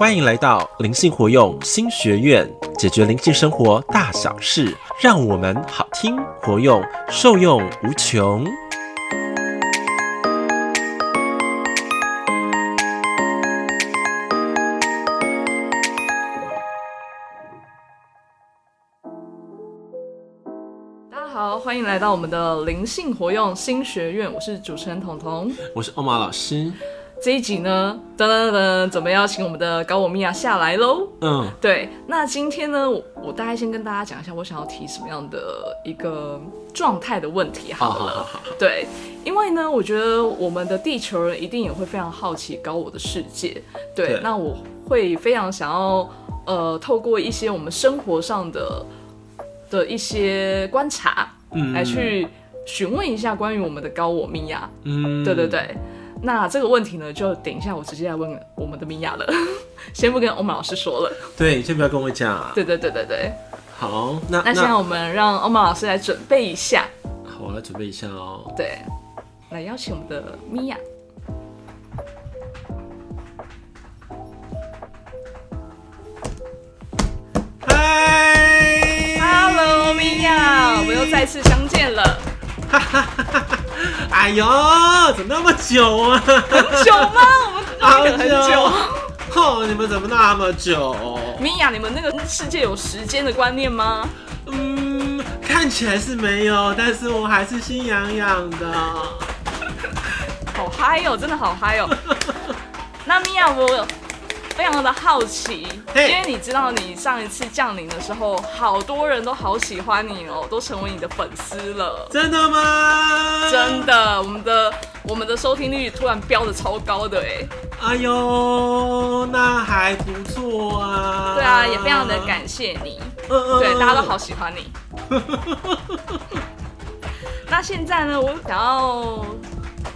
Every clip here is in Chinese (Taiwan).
歡迎來到靈性活用心學苑，解決靈性生活大小事，讓我們好聽活用，受用無窮。大家好，歡迎來到我們的靈性活用心學苑，我是主持人童童，我是歐瑪老師。這一集呢，噔噔噔，準備要請我們的高我米亞下來嘍。嗯，對。那今天呢，我大概先跟大家講一下我想要提什麼樣的一個狀態的問題，好了。好、啊，好，好，好。對，因為呢，我覺得我們的地球人一定也會非常好奇高我的世界。對。對，那我會非常想要，呃，透過一些我們生活上的的一些觀察，來去詢問一下關於我們的高我米亞。嗯，對，對，對，對。那這個問題呢，就等一下我直接來問我們的米亞了，先不跟歐瑪老師說了。對，先不要跟我講，啊。對對對對對。好，那那現在我們讓歐瑪老師來準備一下。好，啊，我來準備一下哦。對，來邀請我們的米亞。Hi，Hello，米亞，我們又再次相見了。 哎呦，怎麼那麼久啊？很久嗎？我們好久，哼、哦！你們怎麼那麼久？米婭，你們那個世界有時間的觀念嗎？嗯，看起來是沒有，但是我還是心癢癢的。好嗨哦，真的好嗨哦！ 那米婭我。非常的好奇，因為你知道，你上一次降臨的時候，好多人都好喜歡你哦、喔，都成為你的粉絲了。真的嗎？真的，我們的我們的收聽率突然飆得超高的哎、欸。哎呦，那還不錯啊。對啊，也非常的感謝你。呃呃對，大家都好喜歡你。 那現在呢，我想要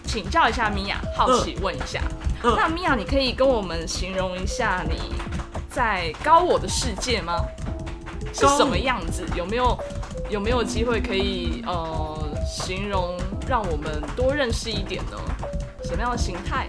請教一下米亞，好奇問一下。呃那米亞，你可以跟我們形容一下你在高我的世界嗎？是什麼樣子？有沒有有沒有機會可以呃形容，讓我們多認識一點呢？什麼樣的形態？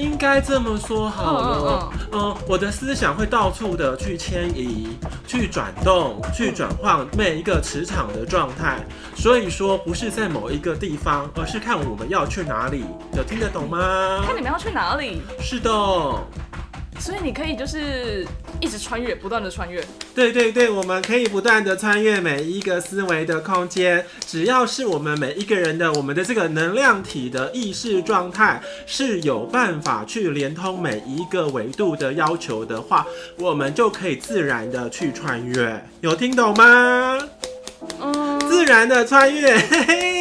應該這麼說好了，嗯、uh, uh, uh. 呃，我的思想會到處的去遷移、去轉動、去轉換每一個磁場的狀態，所以說不是在某一個地方，而是看我們要去哪裡。有聽得懂嗎？看你們要去哪裡？是的、哦，所以你可以就是。一直穿越，不斷的穿越。對對對，我們可以不斷的穿越每一個思維的空間。只要是我們每一個人的，我們的這個能量體的意識狀態是有辦法去連通每一個維度的要求的話，我們就可以自然的去穿越。有聽懂嗎？嗯，自然的穿越，嘿嘿。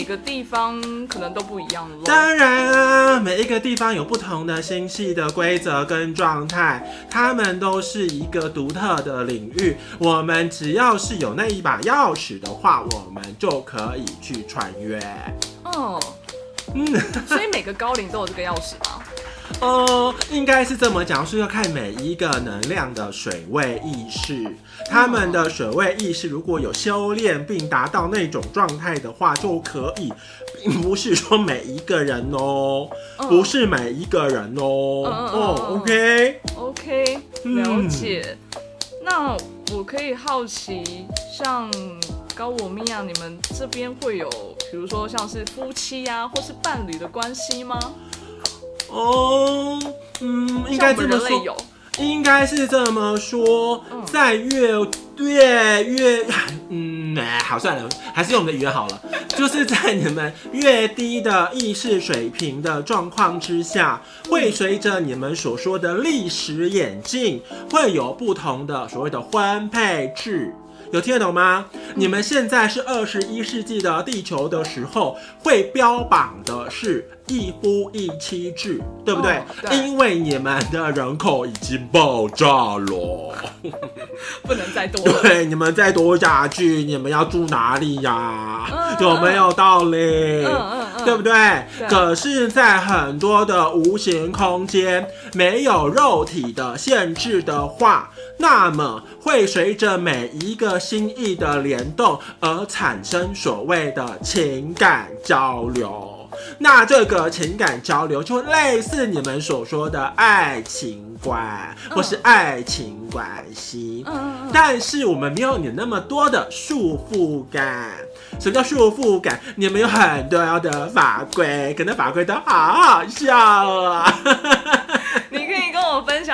每個地方可能都不一樣。當然啊，每一個地方有不同的星系的規則跟狀態，它們都是一個獨特的領域。我們只要是有那一把鑰匙的話，我們就可以去穿越。哦，嗯，所以每個高靈都有這個鑰匙嗎？ 呃、哦，應該是這麼講，是要看每一個能量的水位意識，他們的水位意識如果有修煉並達到那種狀態的話，就可以，並不是說每一個人哦，嗯、不是每一個人哦。嗯、哦、嗯、OK，OK，、okay? okay, 了解，嗯。那我可以好奇，像高我米亞，你們這邊會有，比如說像是夫妻呀，啊，或是伴侶的關係嗎？哦、oh,，嗯，應該這麼說，應該是這麼說，在、嗯、越越越，嗯，哎，好算了，還是用我們的語言好了。 就是在你們越低的意識水平的狀況之下，會隨着你們所說的歷史演進，會有不同的所謂的婚配制，有聽得懂嗎？嗯、你們現在是二十一世紀的地球的時候，會標榜的是。一夫一妻制，對不對？哦、對。因為你們的人口已經爆炸了， 不能再多了。對，你們再多下去，你們要住哪裡呀？嗯、有沒有道理？嗯、對不對？對。可是，在很多的無形空間，沒有肉體的限制的話，那麼會隨着每一個心意的聯動而產生所謂的情感交流。那這個情感交流就類似你們所說的愛情觀或是愛情關係，但是我們沒有你那麼多的束縛感。什麼叫束縛感？你們有很多的法規，可能法規都好好笑啊。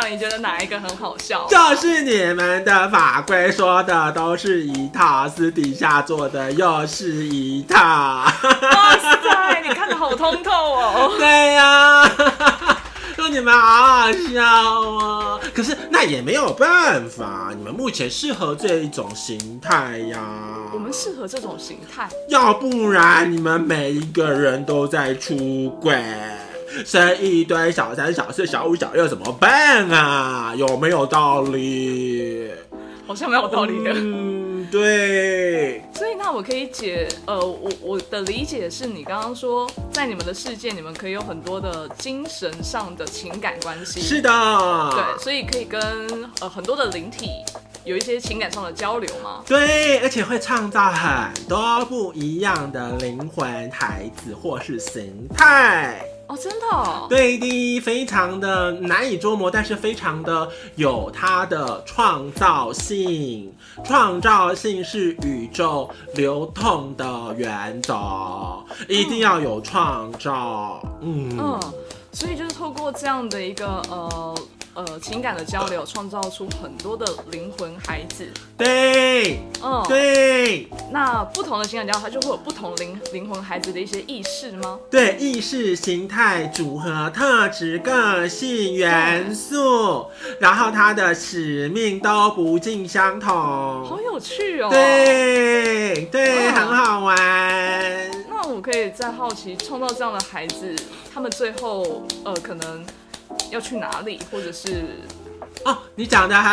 你覺得哪一個很好笑、啊？就是你們的法規說的都是一套，私底下做的又是一套。哇塞， 你看得好通透哦。對呀、啊。就 你們好好笑哦、啊。可是那也沒有辦法，你們目前適合這一種形態呀。我們適合這種形態。要不然你們每一個人都在出軌。生一堆小三、小四、小五、小六怎麼辦啊？有沒有道理？好像沒有道理的。嗯，對。所以那我可以解，呃，我我的理解是你剛剛說，在你們的世界，你們可以有很多的精神上的情感關係。是的。對，所以可以跟呃很多的靈體有一些情感上的交流嗎？對，而且會創造很多不一樣的靈魂、孩子或是形態。Oh, 哦，真的，對的，非常的難以捉摸，但是非常的有它的創造性。創造性是宇宙流通的原則，一定要有創造嗯嗯。嗯，所以就是透過這樣的一個呃。呃，情感的交流創造出很多的靈魂孩子。對，嗯，對。那不同的情感交流，它就會有不同靈靈魂孩子的一些意識嗎？對，意識形態、組合特質、個性元素，然後它的使命都不盡相同。好有趣哦。對，對，嗯、很好玩。那我可以再好奇創造這樣的孩子，他們最後呃，可能。要去哪裡，或者是哦，oh, 你講的很好，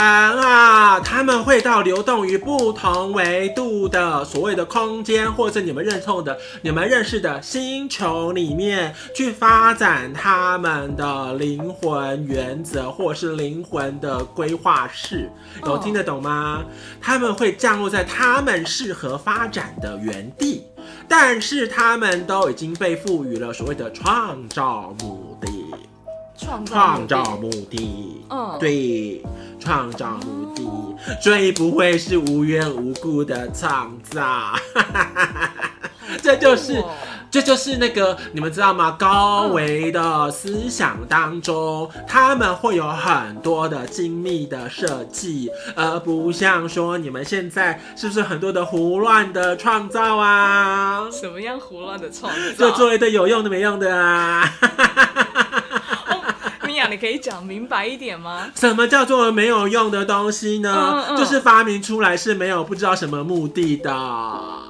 啊。他們會到流動於不同維度的所謂的空間，或者你們認同的、你們認識的星球裡面去發展他們的靈魂原則，或是靈魂的規劃式。有、oh. 聽得懂嗎？他們會降落在他們適合發展的原地，但是他們都已經被賦予了所謂的創造目的。創造、創造目的，嗯，對，創造目的，最、嗯、不會是無緣無故的創造、嗯呵呵，這就是、哦，這就是那個，你們知道嗎？高維的思想當中、嗯，他們會有很多的精密的設計，而不像說你們現在是不是很多的胡亂的創造啊？什麼樣胡亂的創造？就做一堆有用的沒用的啊！呵呵你可以講明白一點嗎？什麼叫做沒有用的東西呢、嗯嗯？就是發明出來是沒有不知道什麼目的的，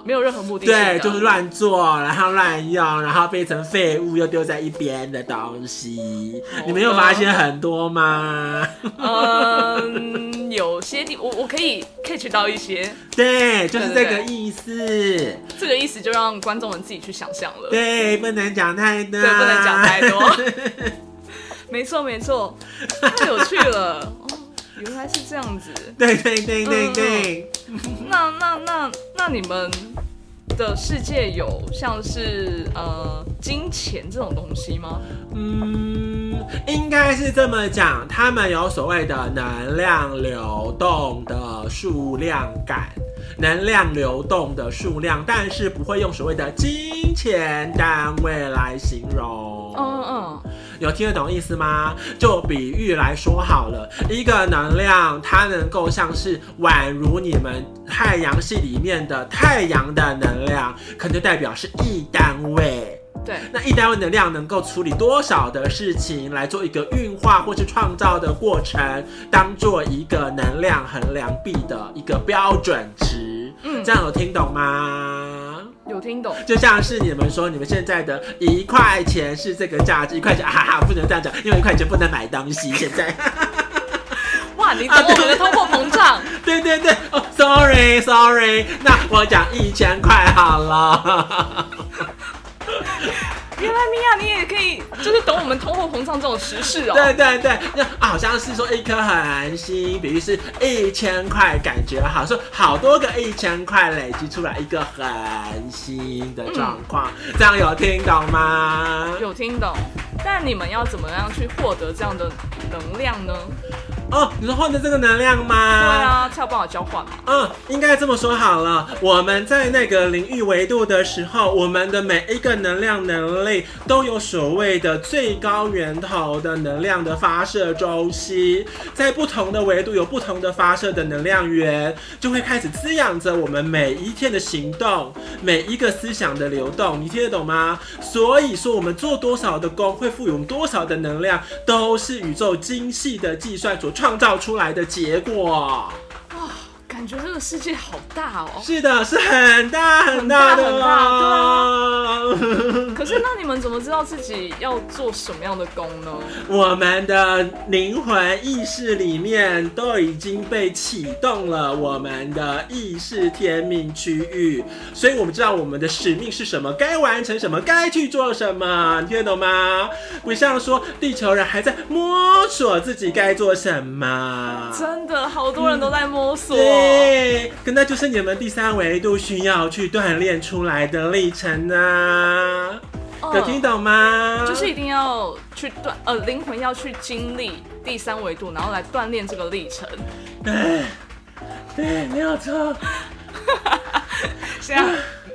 沒有任何目的的，對，就是亂做，然後亂用，然後變成廢物又丟在一邊的東西、哦。你沒有發現很多嗎？嗯， 有些地我我可以 catch 到一些。對，就是這個意思。對對對，這個意思就讓觀眾們自己去想象了對。對，不能講太多，對，不能講太多。 沒錯沒錯，太有趣了 哦！原來是這樣子。對對對對對，對、嗯。那那那那，那你們的世界有像是呃金錢這種東西嗎？嗯，應該是這麼講，他們有所謂的能量流動的數量感，能量流動的數量，但是不會用所謂的金錢單位來形容。嗯嗯，有聽得懂意思嗎？就比喻來說好了，一個能量，它能夠像是宛如你們太陽系裡面的太陽的能量，可能就代表是一單位。對，那一單位能量能夠處理多少的事情，來做一個運化或是創造的過程，當做一個能量衡量幣的一個標準值。嗯，這樣有聽懂嗎？有聽懂，就像是你們說，你們現在的一塊錢是這個價值，一塊錢，哈、啊、哈，不能這樣講，因為一塊錢不能買東西，現在， 哇，你怎麼我們通貨膨脹、啊？對對對、oh,，sorry sorry，那我講一千塊好了。 原來米婭、啊，你也可以就是懂我們通貨膨脹這種時事哦、喔。 對對對，好像是說一顆恆星，比喻是一千塊，感覺好像說，好多個一千塊累積出來一個恆星的狀況、嗯，這樣有聽懂嗎？有聽懂。但你們要怎麼樣去獲得這樣的能量呢？哦，你是換的這個能量嗎？嗯，對啊，這要幫我交換。嗯，應該這麼說好了。我們在那個領域維度的時候，我們的每一個能量能力都有所謂的最高源頭的能量的發射周期，在不同的維度有不同的發射的能量源，就會開始滋養着我們每一天的行動，每一個思想的流動。你聽得懂嗎？所以說，我們做多少的功，會賦予多少的能量，都是宇宙精細的計算所創造出來的結果。感覺這個世界好大哦、喔！是的，是很大很大的。很大，很大。對啊、 可是那你們怎麼知道自己要做什麼樣的工呢？我們的靈魂意識裡面都已經被啟動了，我們的意識天命區域，所以我們知道我們的使命是什麼，該完成什麼，該去做什麼。你聽得懂嗎？不像說地球人還在摸索自己該做什麼。真的，好多人都在摸索。嗯哎，跟他就是你們第三維度需要去鍛鍊出來的歷程啊、呃、有聽懂嗎？就是一定要去鍛，呃，靈魂要去經歷第三維度，然後來鍛鍊這個歷程。對，對沒有錯。是 啊，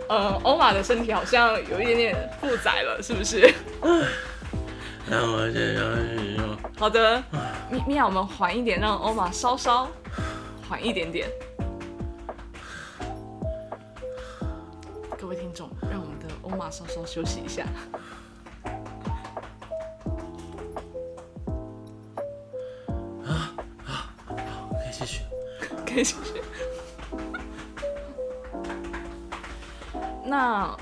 呃，歐 瑪的身體好像有一點點負載了，是不是？嗯 那、 啊、我先休息一下。好的，米 米亞，我們緩一點，讓歐瑪稍稍緩一點點，各位聽眾，讓我們的歐瑪稍稍休，休息一下。啊啊，啊，啊，可以繼續， 可以繼續。 那，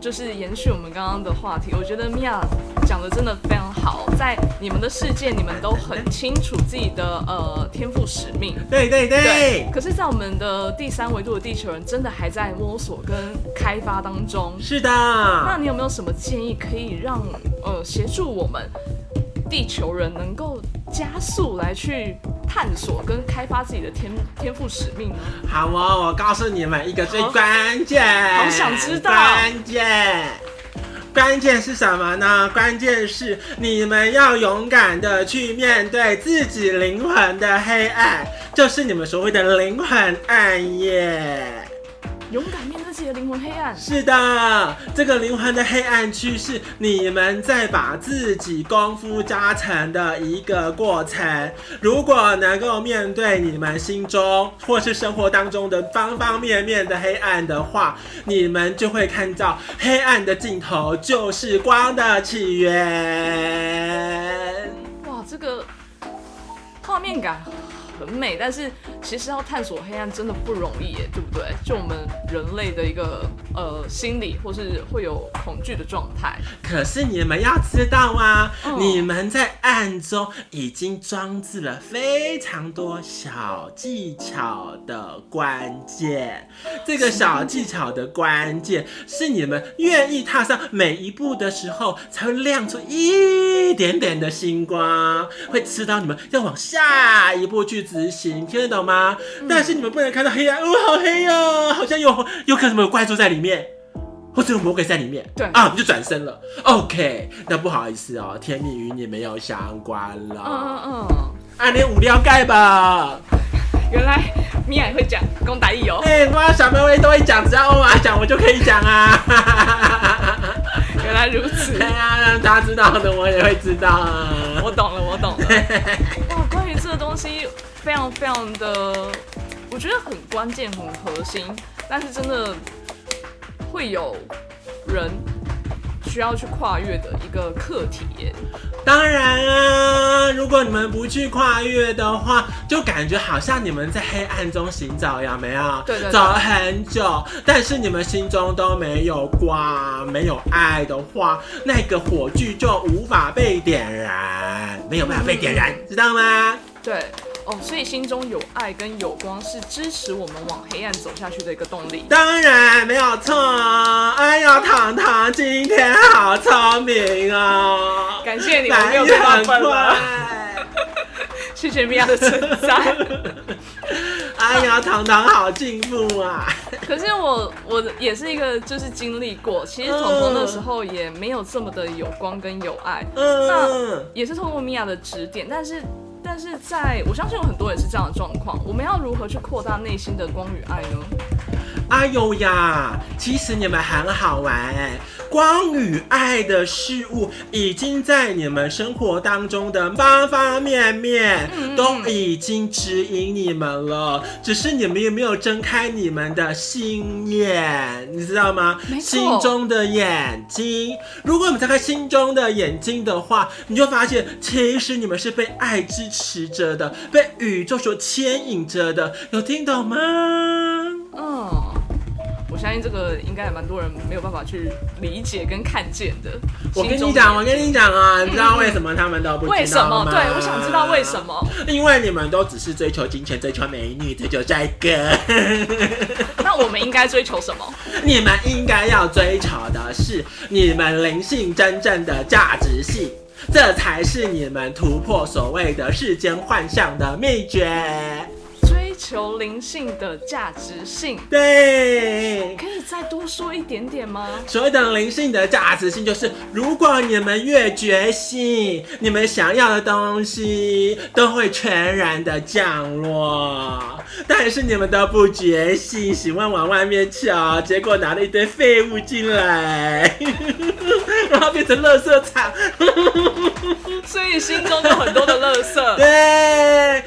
就是延續我們剛剛的話題，我覺得米亞講的真的非常好。在你們的世界，你們都很清楚自己的呃天賦使命。對對對。對，可是，在我們的第三維度的地球人，真的還在摸索跟開發當中。是的。那你有沒有什麼建議，可以讓呃協助我們地球人能夠加速來去探索跟開發自己的天天賦使命呢？好哦，我告訴你們一個最關鍵。好想知道。關鍵。關鍵是什麼呢？關鍵是你們要勇敢的去面對自己靈魂的黑暗，就是你們所謂的靈魂暗夜。勇敢面對自己的靈魂黑暗。是的，這個靈魂的黑暗區是你們在把自己功夫加成的一個過程。如果能夠面對你們心中或是生活當中的方方面面的黑暗的話，你們就會看到黑暗的盡頭就是光的起源。哇，這個畫面感。很美，但是其實要探索黑暗真的不容易耶，對不對？就我們人類的一個呃心理，或是會有恐懼的狀態。可是你們要知道啊、嗯，你們在暗中已經裝置了非常多小技巧的關鍵。這個小技巧的關鍵是你們願意踏上每一步的時候，才會亮出一點點的星光，會知道你們要往下一步去。執行聽得懂嗎、嗯？但是你們不能看到黑暗，哦，好黑哦、喔！好像有有可能有怪獸在裡面，或者有魔鬼在裡面。對啊，你就轉身了。OK，那不好意思哦、喔，天命與你沒有相關了。嗯嗯,嗯，啊，你有了解吧。原來米亞會講講台語喔。哎、喔，媽、欸，小妹妹都會講，只要歐巴講，我就可以講啊。 原來如此。對、哎、啊，讓他知道的，我也會知道啊。我懂了，我懂了。 哇，關於這個東西。非常非常的，我覺得很關鍵、很核心，但是真的會有人需要去跨越的一個課題。當然啊，如果你們不去跨越的話，就感覺好像你們在黑暗中行走一樣，有沒有，對對對對，走了很久，但是你們心中都沒有光、沒有愛的話，那個火炬就無法被點燃，沒有沒有被點燃，嗯、知道嗎？對。哦，所以心中有愛跟有光是支持我們往黑暗走下去的一個動力。當然沒有錯，哦。哎呀，童童今天好聰明啊，哦嗯！感謝你們，們沒有被拉分，謝謝米亞的存在。 哎呀，童童好進步啊！可是我我也是一個，就是經歷過。其實童童那時候也沒有這麼的有光跟有愛。嗯。那也是通過米亞的指點，但是。但是在，在我相信有很多人也是這樣的狀況。我們要如何去擴大內心的光與愛呢？哎呦呀，其實你們很好玩哎、欸。光與愛的事物已經在你們生活當中的方方面面，嗯嗯嗯都已經指引你們了，只是你們也沒有睜開你們的心眼，你知道嗎？心中的眼睛，如果你們睜開心中的眼睛的話，你就發現其實你們是被愛之。持着的，被宇宙所牽引着的，有聽懂嗎？哦、嗯、我相信這個應該還蠻多人沒有辦法去理解跟看見的。我跟你講，我跟你講啊、嗯，你知道為什麼他們都不知道嗎？為什麼？對，我想知道為什麼？因為你們都只是追求金錢、追求美女、追求帥哥。那我們應該追求什麼？你們應該要追求的是你們靈性真正的價值系，這才是你們突破所謂的世間幻象的秘訣，追求靈性的價值性。對，oh, 可以再多說一點點嗎？所謂的靈性的價值性，就是如果你們越決心，你們想要的東西都會全然的降落。但是你們都不決心，喜歡往外面求，結果拿了一堆廢物進來。 然後變成垃圾場， 所以心中有很多的垃圾。 對，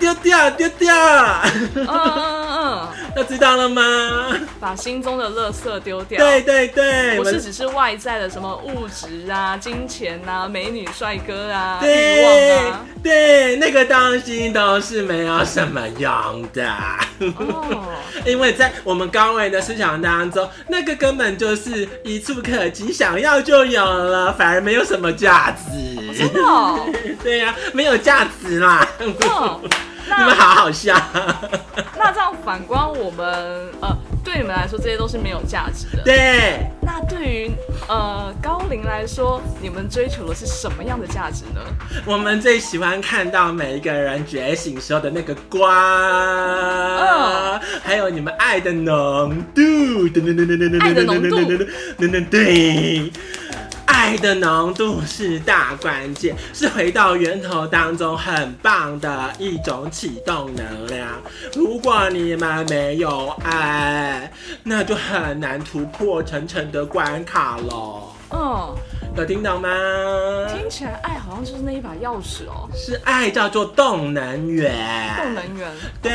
丟掉，丟掉。那、 嗯嗯嗯、知道了嗎、嗯？把心中的垃圾丟掉。對對對，不是只是外在的什麼物質啊、金錢啊、美女帥哥啊、慾望啊、對啊對，那個東西都是沒有什麼用的。哦， 因為在我們高維的思想當中，那個根本就是一觸可及，想要就。沒有了，反而沒有什麼價值。哦。真的？哦？ 對呀，啊，沒有價值嘛。哦、 你們好好笑。那這樣反觀我們，呃、對你們來說，這些都是沒有價值的。對。那對於呃高靈來說，你們追求的是什麼樣的價值呢？我們最喜歡看到每一個人覺醒時候的那個光，哦、還有你們愛的濃度。愛的濃度。對。愛的濃度是大關鍵，是回到源頭當中很棒的一種啟動能量。如果你們沒有愛，那就很難突破層層的關卡咯。嗯，有聽到嗎？聽起來愛好像就是那一把鑰匙哦，是愛叫做動能源，動能源，對，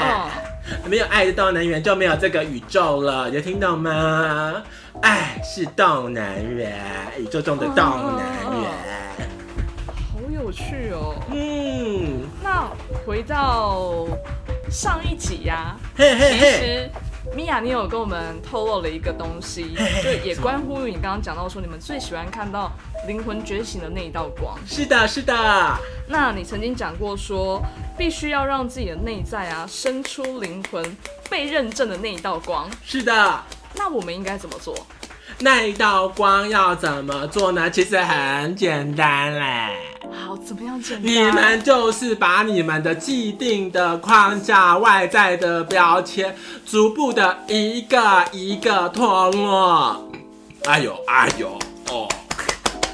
嗯。沒有愛的動能源，就沒有這個宇宙了，你有聽到嗎？愛是動能源，宇宙中的動能源，啊啊，好有趣哦。嗯，那回到上一集呀，啊，嘿嘿嘿。米婭，你有跟我們透露了一個東西，就也關乎於你剛剛講到說，你們最喜歡看到靈魂覺醒的那一道光。是的，是的。那你曾經講過說，必須要讓自己的內在啊生出靈魂被認證的那一道光。是的。那我們應該怎麼做？那一道光要怎麼做呢？其實很簡單嘞。啊、你們就是把你們的既定的框架、外在的標籤，逐步的一個一個脫落。哎呦哎呦，哦，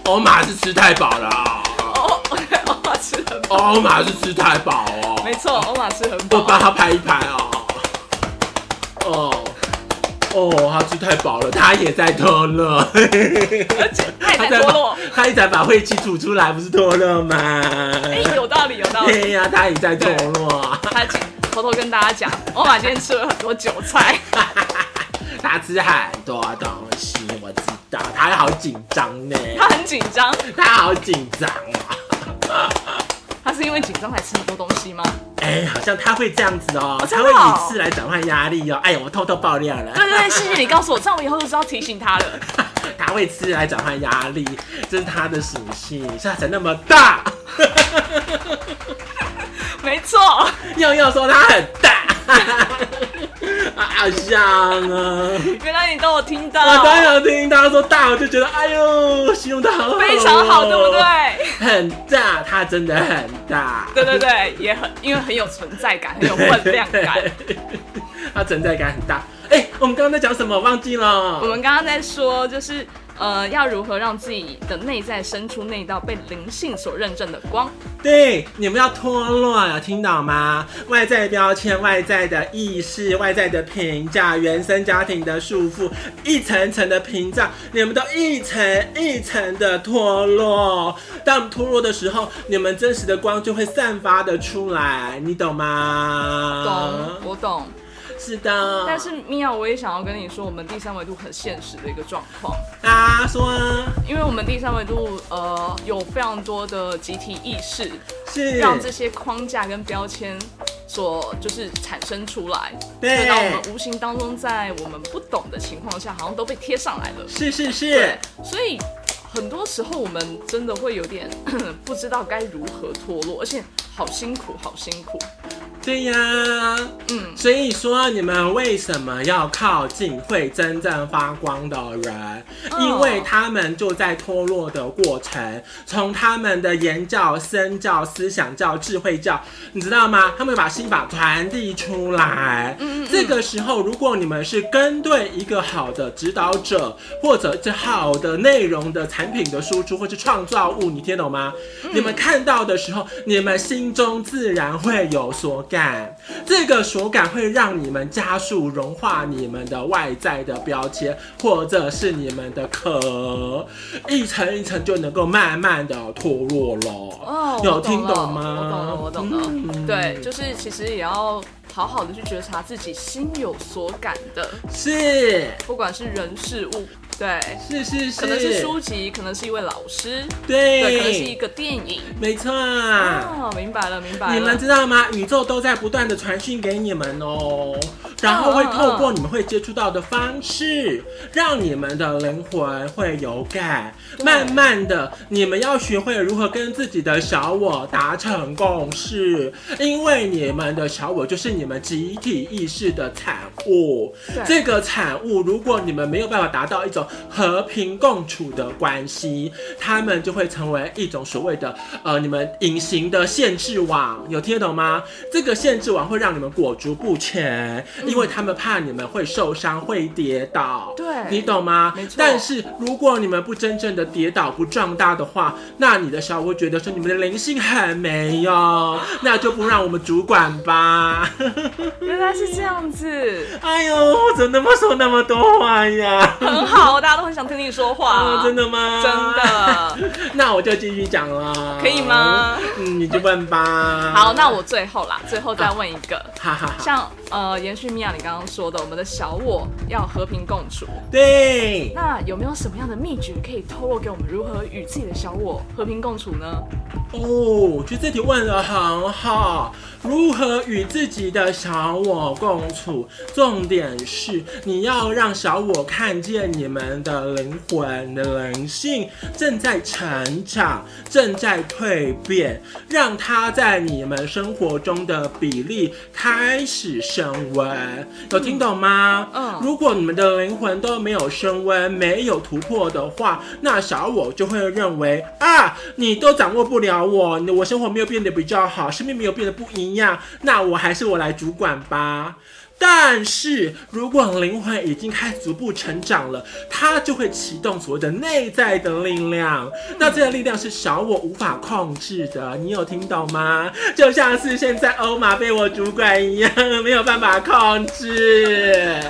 歐馬是吃太飽了。哦，歐馬吃很飽。歐馬是吃太飽哦。沒錯，歐馬吃很飽。我幫他拍一拍哦。哦。哦、oh，他吃太飽了，他也在脫落， 落，他在脫，他一直把晦氣吐出來，不是脫落嗎？欸，有道理，有道理。對呀，他也在脫落。他偷偷跟大家講，歐 巴今天吃了很多韭菜， 他吃很多東西，我知道，他還好緊張呢，他很緊張，他好緊張，啊。 他是因為緊張才吃很多東西嗎？哎、欸，好像他會這樣子哦、喔喔喔，他會以吃來轉換壓力哦、喔。哎、欸、我偷偷爆料了。對對對，謝謝你告訴我， 這樣我以後就知道提醒他了。他會吃來轉換壓力，這是他的屬性。身材那麼大， 沒錯，又又說他很大。 啊好像啊！ 原來你都有聽到，我當然有聽到。他說大，我就覺得哎呦，形容他好，好非常好，對不對？很大，他真的很大。 對對對，也很因為很有存在感， 很有分量感。 他存在感很大。哎、欸，我們剛剛在講什麼？我忘記了。我們剛剛在說，就是。呃，要如何讓自己的內在生出那道被靈性所認證的光？對，你們要脫落，有聽到嗎？外在標籤、外在的意識、外在的評價、原生家庭的束縛，一層層的屏障，你們都一層一層的脫落。當脫落的時候，你們真實的光就會散發的出來，你懂嗎？懂，我懂。是的，但是米婭我也想要跟你說，我們第三維度很現實的一個狀況，大家、啊、說呢，因為我們第三維度呃有非常多的集體意識，是讓這些框架跟標籤所就是產生出來，對，讓我們無形當中在我們不懂的情況下，好像都被貼上來了，是是是，所以很多時候我們真的會有點 不知道該如何脫落，而且好辛苦，好辛苦。對呀，嗯，所以說你們為什麼要靠近會真正發光的人？因為他們就在脫落的過程，從他們的言教、身教、思想教、智慧教，你知道嗎？他們把心法傳遞出來。這個時候，如果你們是跟對一個好的指導者，或者是好的內容的產品的輸出，或者是創造物，你聽懂嗎？你們看到的時候，你們心中自然會有所感。感，這個所感會讓你們加速融化你們的外在的標籤，或者是你們的殼，一層一層就能夠慢慢的脫落了。哦，有聽懂嗎？我懂了，我懂了，我懂了，嗯。對，就是其實也要好好的去覺察自己心有所感的，是，不管是人事物。對，是是是，可能是書籍，可能是一位老師，對，對可能是一個電影，沒錯啊、哦，明白了明白了。你們知道嗎？宇宙都在不斷的傳訊給你們哦，然後會透過你們會接觸到的方式，啊啊啊、讓你們的靈魂會有感。慢慢的，你們要學會如何跟自己的小我達成共識，因為你們的小我就是你們集體意識的產物。這個產物，如果你們沒有辦法達到一種。和平共處的關係，他們就會成為一種所謂的呃，你們隱形的限制網，有聽得懂嗎？這個限制網會讓你們裹足不前，因為他們怕你們會受傷、會跌倒。對，你懂嗎？沒錯。但是如果你們不真正的跌倒、不壯大的話，那你的小我會覺得說你們的靈性很沒用，那就不讓我們主管吧。 原來是這樣子。哎呦，我怎麼那麼說那麼多話呀？很好啊。大家都很想聽你說話，啊哦，真的嗎？真的， 那我就繼續講了，可以嗎？ 嗯，你就問吧。 好，那我最後啦，最後再問一個，啊、像 呃，延續米婭你剛剛說的，我們的小我要和平共處。對。那有沒有什麼樣的秘訣可以透露給我們，如何與自己的小我和平共處呢？哦，就覺這題問的很好，如何與自己的小我共處？重點是你要讓小我看見你們。人的靈魂的靈性正在成長，正在蛻變，讓它在你們生活中的比例開始升溫。有聽懂嗎？嗯，嗯。如果你們的靈魂都沒有升溫，沒有突破的話，那小我就會認為啊，你都掌握不了我，我生活沒有變得比較好，生命沒有變得不一樣，那我還是我來主管吧。但是，如果靈魂已經開始逐步成長了，它就會啟動所謂的內在的力量。那這個力量是小我無法控制的，你有聽懂嗎？就像是現在歐瑪被我主管一樣，沒有辦法控制。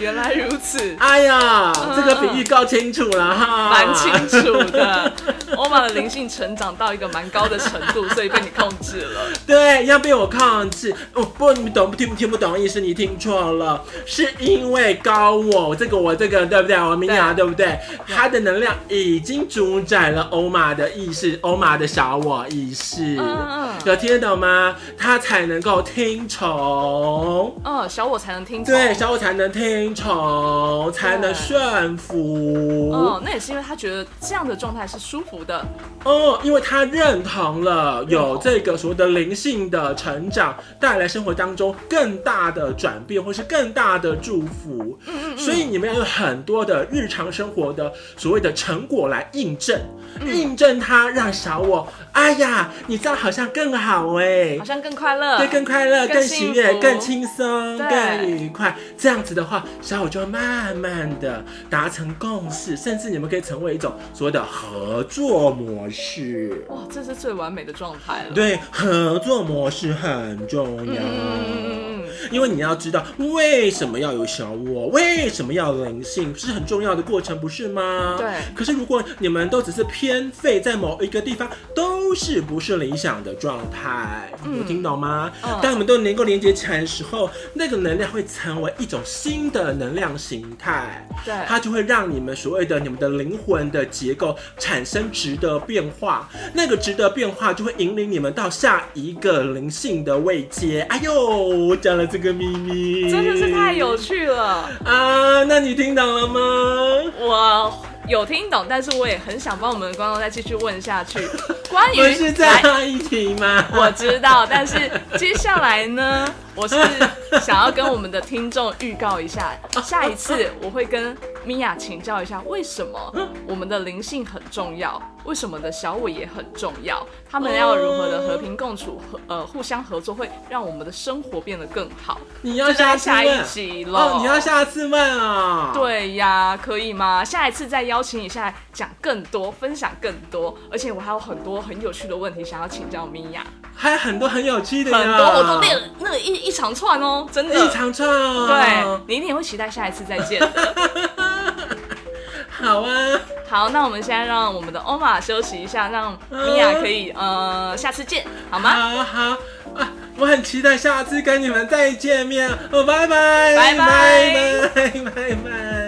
原來如此，哎呀，這個比喻夠清楚了、嗯、哈，蠻清楚的。歐 瑪的靈性成長到一個蠻高的程度，所以被你控制了。對，要被我控制。哦不，你們懂聽不聽？聽不懂意思？你聽。聽錯了，是因為高我這個我這個對不對？我米亞對，對不對？他的能量已經主宰了歐瑪的意識，歐瑪的小我意識、嗯，有聽得懂嗎？他才能夠聽從，嗯，小我才能聽從，對，小我才能聽從，才能馴服。哦、嗯，那也是因為他覺得這樣的狀態是舒服的，哦、嗯，因為他認同了有這個所謂的靈性的成長帶、嗯、來生活當中更大的轉。變或是更大的祝福，所以你們要有很多的日常生活的所謂的成果來印證，印證它，讓小我，哎呀，你這樣好像更好哎，好像更快樂，對，更快樂、更喜悅、更輕鬆、更愉快。這樣子的話，小我就要慢慢的達成共識，甚至你們可以成為一種所謂的合作模式。哇，這是最完美的狀態了。對，合作模式很重要。因為你要知道，為什麼要有小我，為什麼要靈性，這是很重要的過程，不是嗎？對。可是如果你們都只是偏廢在某一個地方，都，是不是理想的狀態？你、嗯、聽懂嗎？嗯、當我們都能夠連接起來的時候，那個能量會成為一種新的能量形態。對，它就會讓你們所謂的你們的靈魂的結構產生質的變化。那個質的變化就會引領你們到下一個靈性的位階。哎呦，我講了這個秘密，真的是太有趣了啊！那你聽懂了嗎？我有聽懂，但是我也很想幫我們的觀眾再繼續問下去。 關於是在那一題嗎？我知道，但是接下來呢？我是想要跟我們的聽眾預告一下，下一次我會跟米婭請教一下，為什麼我們的靈性很重要。為什麼的小我也很重要，他們要如何的和平共處，哦、和呃互相合作，會讓我們的生活變得更好。你要下次下一次，哦，你要下次問啊、哦。對呀，可以嗎？下一次再邀請你下來講更多，分享更多，而且我還有很多很有趣的問題想要請教米亞，還有很多很有趣的呀，很多我都列那、那個、一一長串哦、喔，真的，一長串。哦。對，你一定也會期待下一次再見的。 好啊。好，那我們現在讓我們的歐瑪休息一下，讓米婭可以呃，呃，下次見，好嗎？好，好啊，我很期待下次跟你們再見面，哦，拜拜拜拜拜拜拜。